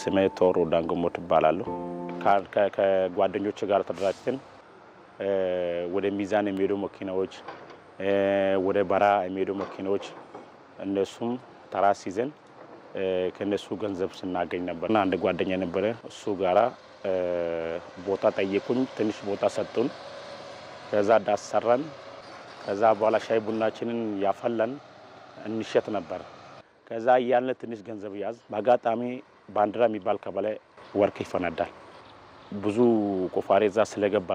ስሜ ቶሮ ዳንግሞ ትባላለሁ። ከጓደኞች ጋር ተደራጅተን ወደ ሚዛን የሚሄዱ መኪናዎች፣ ወደ በራ የሚሄዱ መኪናዎች እነሱም ተራ ሲዘን ከእነሱ ገንዘብ ስናገኝ ነበር። አንድ ጓደኛ ነበረ፣ እሱ ጋራ ቦታ ጠየቁኝ። ትንሽ ቦታ ሰጡን። ከዛ ዳሰራን። ከዛ በኋላ ሻይ ቡናችንን ያፈላን እንሸት ነበር። ከዛ እያልን ትንሽ ገንዘብ ያዝ በአጋጣሚ ባንዲራ የሚባል ከበላይ ወርቅ ይፈነዳል። ብዙ ቆፋሬ እዛ ስለገባ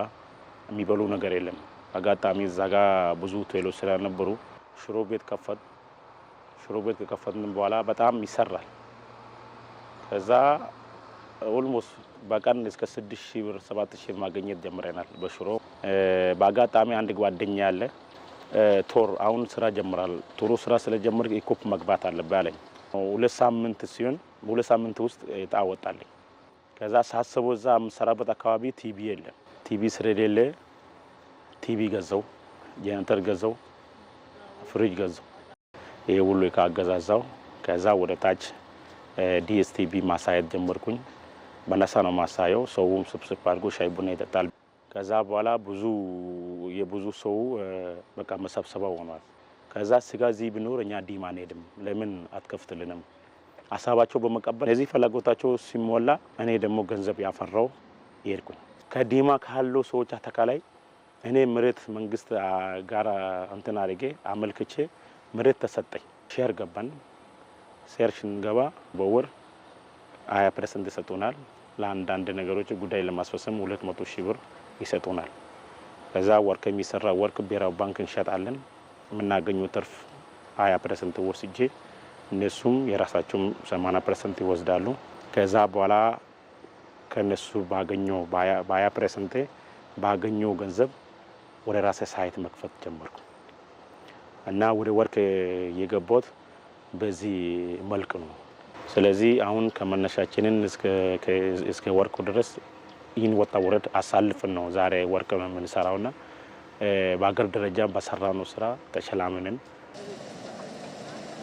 የሚበሉ ነገር የለም። አጋጣሚ እዛ ጋ ብዙ ቴሎች ስለነበሩ ሽሮ ቤት ከፈት። ሽሮ ቤት ከከፈትን በኋላ በጣም ይሰራል። ከዛ ኦልሞስት በቀን እስከ ስድስት ሺህ ብር ሰባት ሺህ ማገኘት ጀምረናል በሽሮ። በአጋጣሚ አንድ ጓደኛ ያለ ቶር አሁን ስራ ጀምራል። ቶሮ ስራ ስለጀምር ኢኮፕ መግባት አለብህ አለኝ። ሁለት ሳምንት ሲሆን በሁለት ሳምንት ውስጥ እጣ ወጣለኝ። ከዛ ሳስበው እዛ የምሰራበት አካባቢ ቲቪ የለም። ቲቪ ስለሌለ ቲቪ ገዛው፣ ጀነተር ገዛው፣ ፍሪጅ ገዛው። ይሄ ሁሉ ካገዛዛው ከዛ ወደ ታች ዲኤስቲቪ ማሳየት ጀመርኩኝ። በነሳ ነው ማሳየው። ሰውም ስብስብ አድርጎ ሻይ ቡና ይጠጣል። ከዛ በኋላ ብዙ የብዙ ሰው በቃ መሰብሰባ ሆኗል። ከዛ ስጋ እዚህ ብኖር እኛ ዲማ አንሄድም፣ ለምን አትከፍትልንም? ሀሳባቸው በመቀበል እዚህ ፍላጎታቸው ሲሞላ እኔ ደግሞ ገንዘብ ያፈራው ይሄድኩኝ ከዲማ ካሉ ሰዎች አጠቃላይ እኔ ምሬት መንግስት ጋር እንትን አድርጌ አመልክቼ ምሬት ተሰጠኝ። ሼር ገባን። ሼር ስንገባ በወር ሀያ ፐርሰንት ይሰጡናል። ለአንዳንድ ነገሮች ጉዳይ ለማስፈሰም ሁለት መቶ ሺህ ብር ይሰጡናል። ከዛ ወርቅ የሚሰራ ወርቅ ብሔራዊ ባንክ እንሸጣለን። የምናገኘው ትርፍ 20 ፐርሰንት ወስጄ እነሱም የራሳቸውም 80 ፐርሰንት ይወስዳሉ። ከዛ በኋላ ከነሱ ባገኘው በሀያ ፐርሰንቴ ባገኘው ገንዘብ ወደ ራሴ ሳይት መክፈት ጀመርኩ እና ወደ ወርክ የገባሁት በዚህ መልክ ነው። ስለዚህ አሁን ከመነሻችንን እስከ ወርቁ ድረስ ይህን ወጣ ውረድ አሳልፍን ነው ዛሬ ወርቅ የምንሰራውና በሀገር ደረጃ በሰራነው ስራ ተሸላምነን